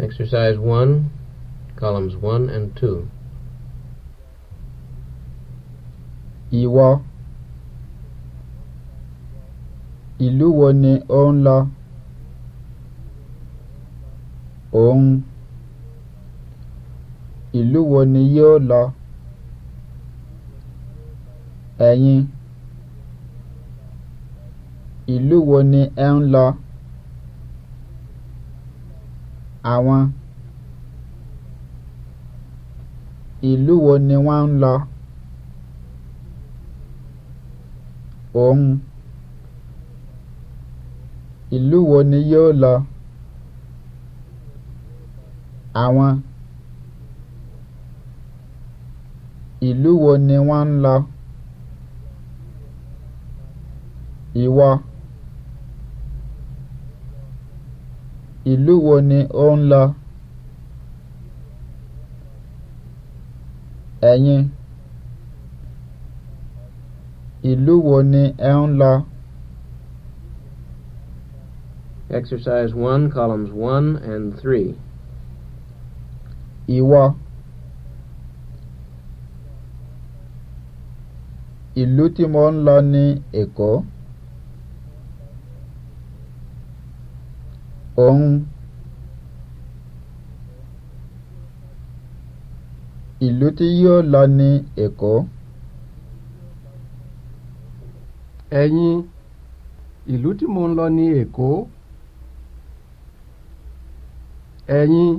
Exercise 1, columns 1 and 2. Ìwọ ìlú wo ni ó ń lọ? Òun ìlú wo ni yóò lọ? Ẹ̀yin ìlú wo ni ẹ ń lọ? Àwọn ìlú wo ni wọ́n ń lọ? Òun. Ìlú wo ni yóò lọ? Àwọn. Ìlú wo ni wọ́n ń lọ? Ìwọ. Ìlú wo ni ò ń lọ? Ẹ̀yin. Ìlú wo ni ẹ ń lọ? Exercise one, columns one and three. Ìwọ. Ìlú tí mo ń lọ ni Èkó. ọ̀hún ìlú tí yóò lọ ní èkó. ẹ̀yin ìlú tí mò ń lọ ní èkó. ẹ̀yin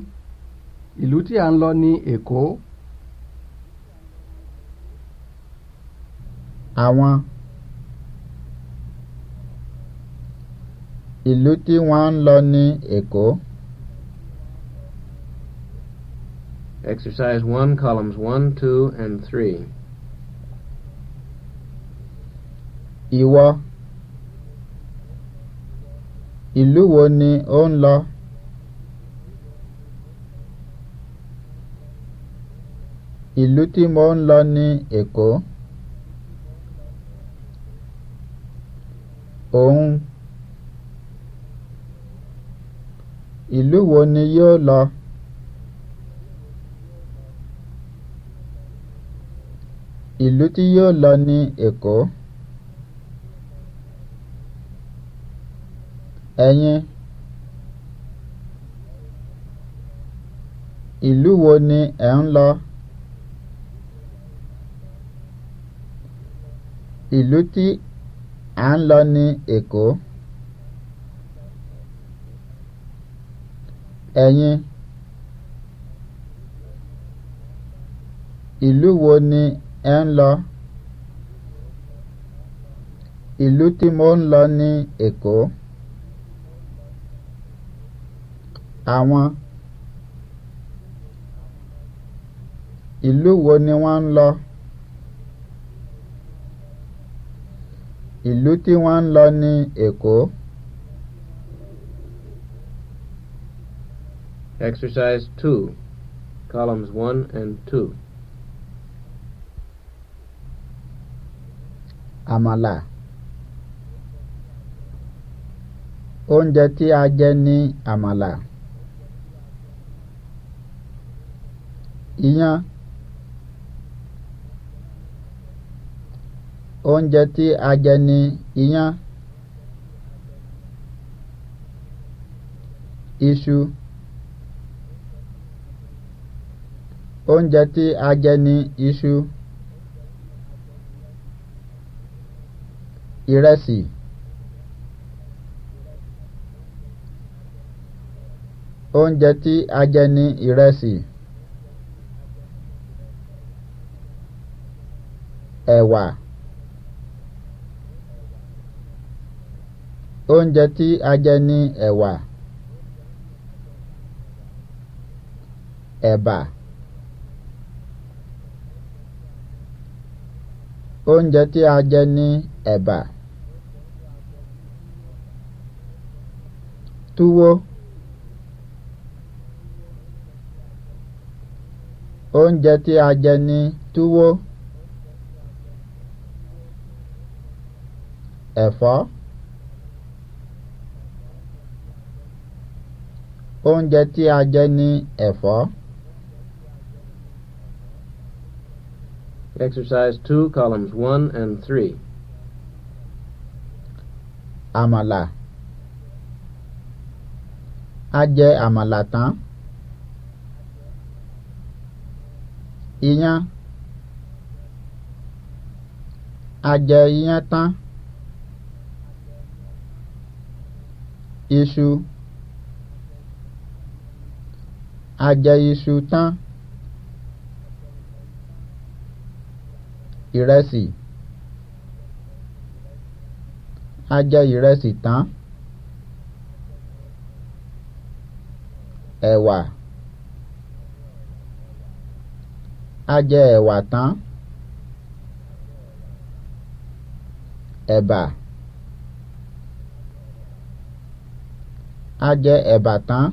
ìlú tí à ń lọ ní èkó. àwọn. ìlú tí wọ́n ń lọ ní Èkó. Exercise 1, columns 1, 2, and 3. Ìwọ. Ìlú wo ni ó ń lọ? Ìlú tí mo ń lọ ní Èkó. ni yóò lọ. ìlú tí yóò lọ ni Èkó. ẹ̀yin ìlú wo ni ẹ̀ ń lọ? ìlú tí à ń lọ ni Èkó. ẹ̀yin ìlú wo ni ẹ ń lọ ìlú tí mo ń lọ ní Èkó àwọn ìlú wo ni wọ́n ń lọ ìlú tí wọ́n ń lọ ní Èkó. Exercise 2, columns 1 and 2. Amala. Oúnjẹ tí a jẹ ní àmàlà. Iyán Oúnjẹ tí a jẹ ní iyán. Iṣu. oúnjẹ tí a jẹ ni iṣu ìrẹsì oúnjẹ tí a jẹ ni ìrẹsì ẹ̀wà oúnjẹ tí a jẹ ni ẹ̀wà ẹ̀bà. E Oúnjẹ tí a jẹ ní ẹ̀bà. Túwó. Oúnjẹ tí a jẹ ní túwó. Ẹ̀fọ́. Oúnjẹ tí a jẹ ní ẹ̀fọ́. Exercise 2, columns 1 and 3. Amala. A amalata. àmàlà tán. Iyán. A jẹ iyán tán. ta. ìrẹsì a jẹ ìrẹsì tán ẹ̀wà a jẹ ẹ̀wà tán ẹ̀bà a jẹ ẹ̀bà tán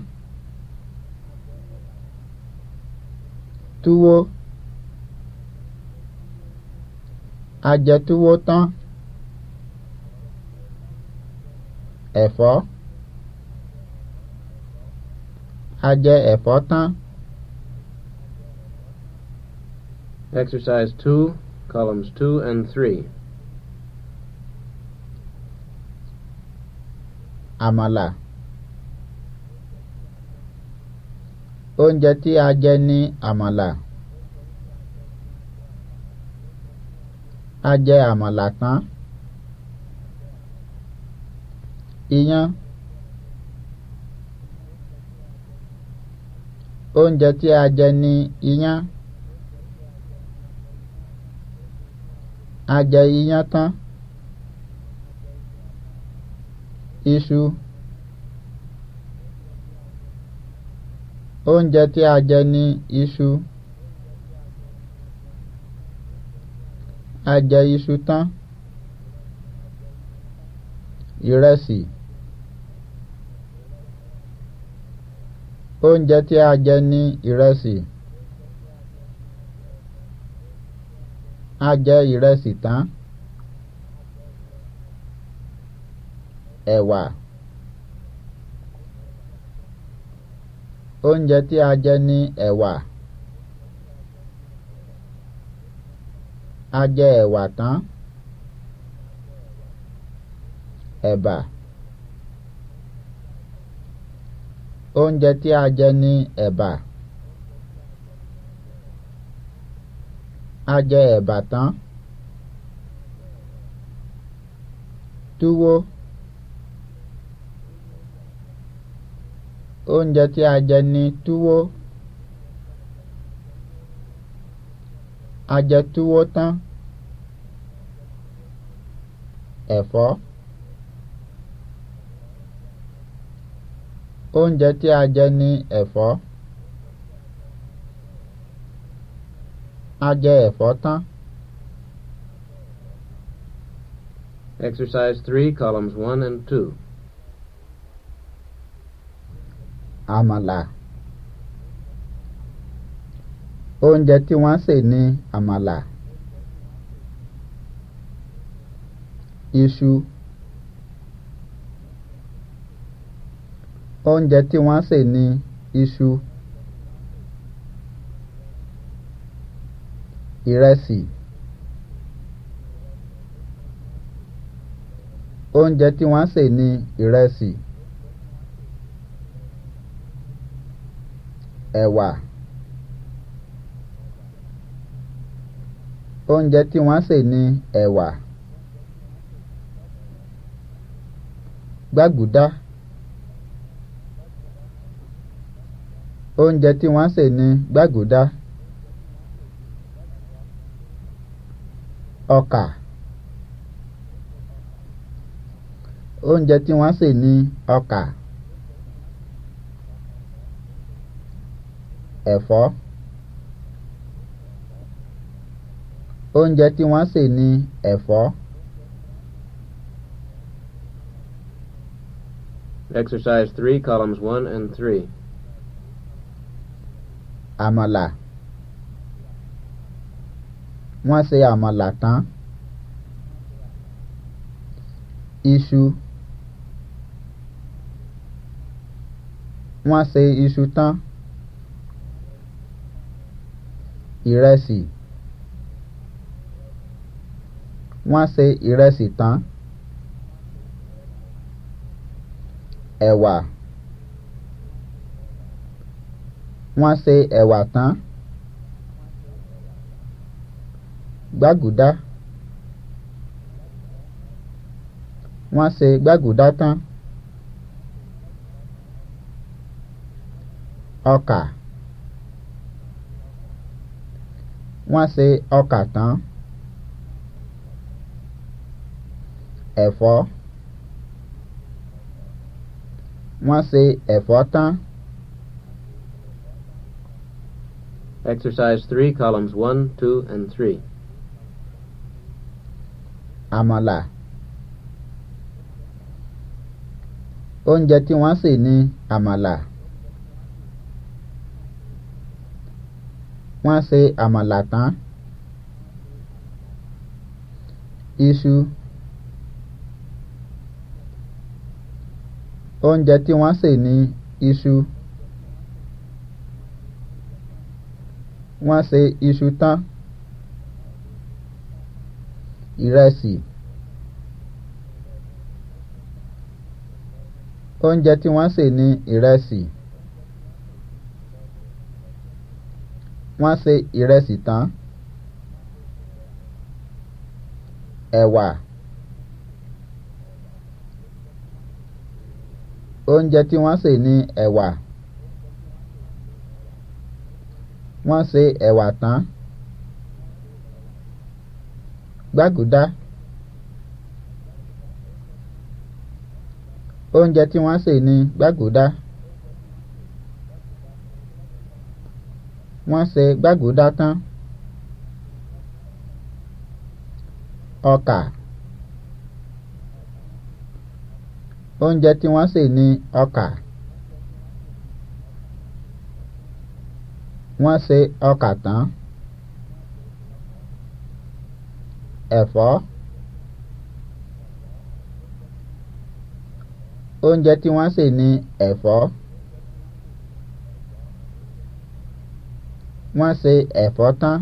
túwó. ajẹtúwó tán ẹ̀fọ́ ajẹ ẹ̀fọ́ tán. Exercise two, columns two and three. Amala. Oúnjẹ tí a jẹ ní àmàlà. a jẹ àmàlà tán iyán oúnjẹ tí a jẹ ni iyán a jẹ iyán tán iṣu oúnjẹ tí a jẹ ni iṣu. a jẹ iṣu tán ìrẹsì oúnjẹ tí a jẹ ní ìrẹsì a jẹ ìrẹsì tán ẹ̀wà oúnjẹ tí a jẹ ní ẹ̀wà. E a jẹ ẹ̀wà tán ẹ̀bà oúnjẹ tí a jẹ ní ẹ̀bà a jẹ ẹ̀bà tán túwó oúnjẹ tí a jẹ ní túwó. ajẹtúwó tán ẹ̀fọ́ oúnjẹ tí a jẹ ni ẹ̀fọ́ a jẹ ẹ̀fọ́ tán. Exercise three, columns one and two. Amala oúnjẹ tí wọ́n sè ní àmàlà iṣu oúnjẹ tí wọ́n sè ní iṣu ìrẹsì oúnjẹ tí wọ́n sè ní ìrẹsì ẹ̀wà. E oúnjẹ tí wọ́n sè ní ẹ̀wà gbàgùdá oúnjẹ tí wọ́n sè ní gbàgùdá ọkà ọkà ẹ̀fọ́. oúnjẹ tí wọ́n sè ní ẹ̀fọ́. Exercise three, columns one and three. Àmàlà. Wọ́n ṣe àmàlà tán. Iṣu. Wọ́n ṣe iṣu tán. Ìrẹsì. wọ́n ṣe ìrẹsì tán ẹ̀wà wọ́n ṣe ẹ̀wà tán gbàgùdá wọ́n ṣe gbàgùdá tán ọkà wọ́n ṣe ọkà tán. ẹ̀fọ́ wọ́n ṣe ẹ̀fọ́ tán. Exercise three columns one, two, and three. Amala. Oúnjẹ tí wọ́n sè ní àmàlà. Wọ́n sè àmàlà tán. Iṣu. oúnjẹ tí wọ́n sè ní iṣu wọ́n sè iṣu tán ìrẹsì oúnjẹ tí wọ́n sè ní ìrẹsì wọ́n sè ìrẹsì tán ẹ̀wà. E oúnjẹ tí wọ́n sè ní ẹ̀wà wọ́n sè ẹ̀wà tán gbàgùdá oúnjẹ tí wọ́n sè ní gbàgùdá wọ́n sè gbàgùdá tán ọkà. oúnjẹ tí wọ́n sè ní ọkà wọ́n sè ọkà tán ẹ̀fọ́ oúnjẹ tí wọ́n sè ní ẹ̀fọ́ wọ́n sè ẹ̀fọ́ tán.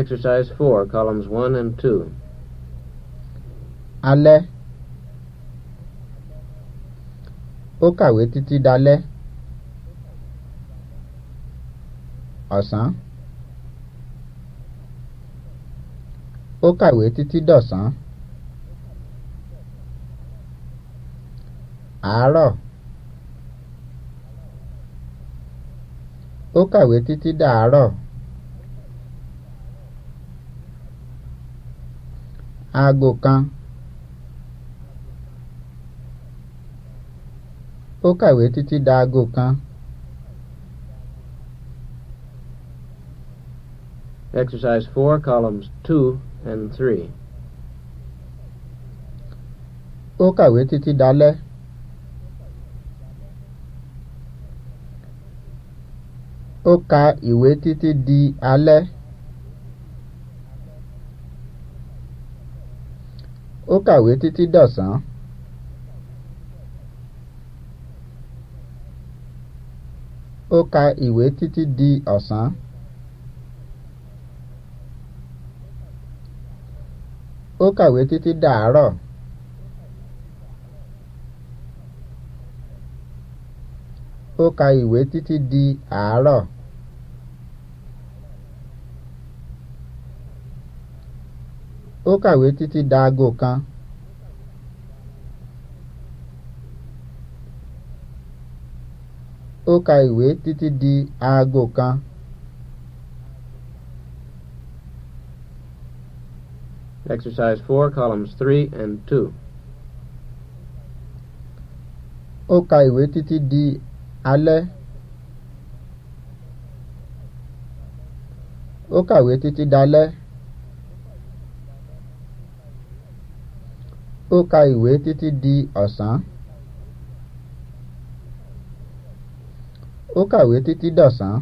Exercise 4, columns 1 and 2. alẹ́ ó kàwé títí dalẹ́ ọ̀sán ó kàwé títí dọ̀sán àárọ̀ ó kàwé títí dàárọ̀ aago kan. ó kàwé títí daago kan. Exercise four columns two and three. Ó kàwé títí dalẹ́. Ó ka ìwé títí di alẹ́. Ó kàwé títí dọ̀sán. ó ka ìwé títí di ọ̀sán. ó kàwé títí dàárọ̀. ó ka ìwé títí di àárọ̀. ó kàwé títí daago kan. ó ka ìwé títí di aago kan. Exercise four columns three and two. Ó ka ìwé títí di alẹ́. Ó kàwé títí dalẹ́. Ó ka ìwé títí di ọ̀sán. kàwé títí dọ̀sán.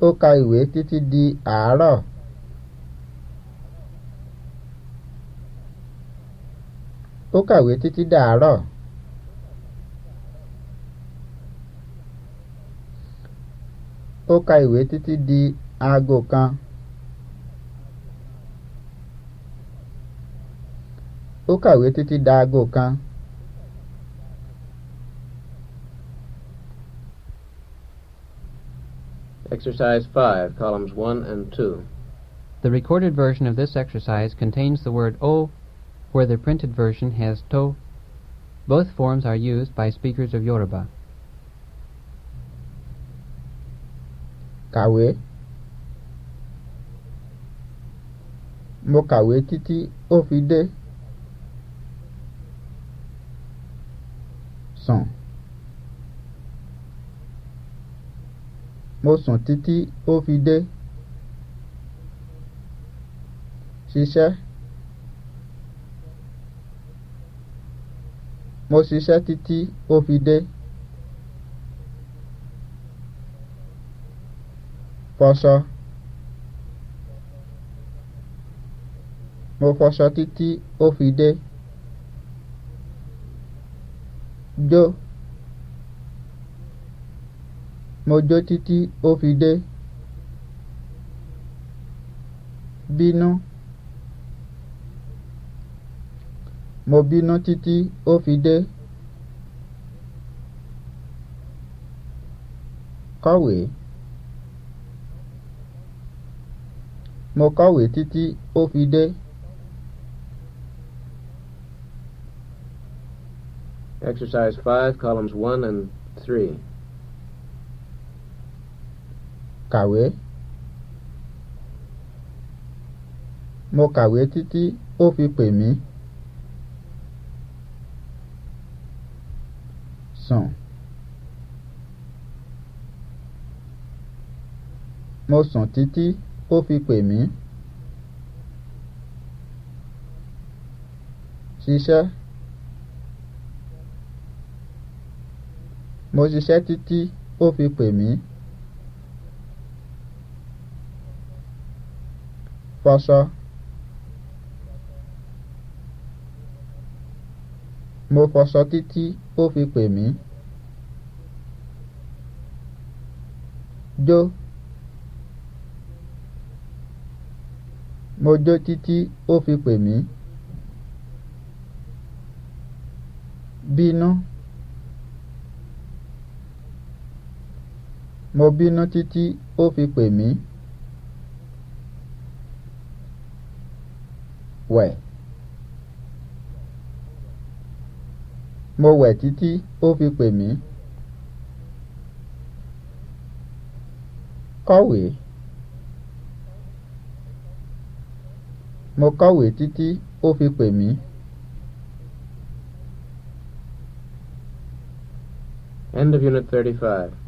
ó ka ìwé títí di àárọ̀. ó kàwé títí dàárọ̀. ó ka ìwé títí di aago kan. ó kàwé títí daago kan. Exercise 5, columns 1 and 2. The recorded version of this exercise contains the word o where the printed version has to. Both forms are used by speakers of Yoruba. Kàwé Mo kàwé títí ofide, fi mo sùn títí ó fi dé ṣiṣẹ́ mo ṣiṣẹ́ títí ó fi dé fọṣọ mo fọṣọ títí ó fi dé jó mo títí ó fi dé bínú mo bínú títí ó fi dé kọ̀wé mo kọ̀wé títí ó fi dé. Exercise five, columns one and three kàwé mo kàwé títí ó fi pè mí sùn mo sùn títí ó fi pè mí ṣiṣẹ́ mo ṣiṣẹ́ títí ó fi pè mí. fásá mo fọṣọ títí ó fi pè mí jó mo jó títí ó fi pè mí bínú mo bínú títí ó fi pè mí. wẹ̀ mo wẹ̀ títí ó fi pè mí kọ̀wé mo kọ̀wé títí ó fi pè mí. End of Unit 35.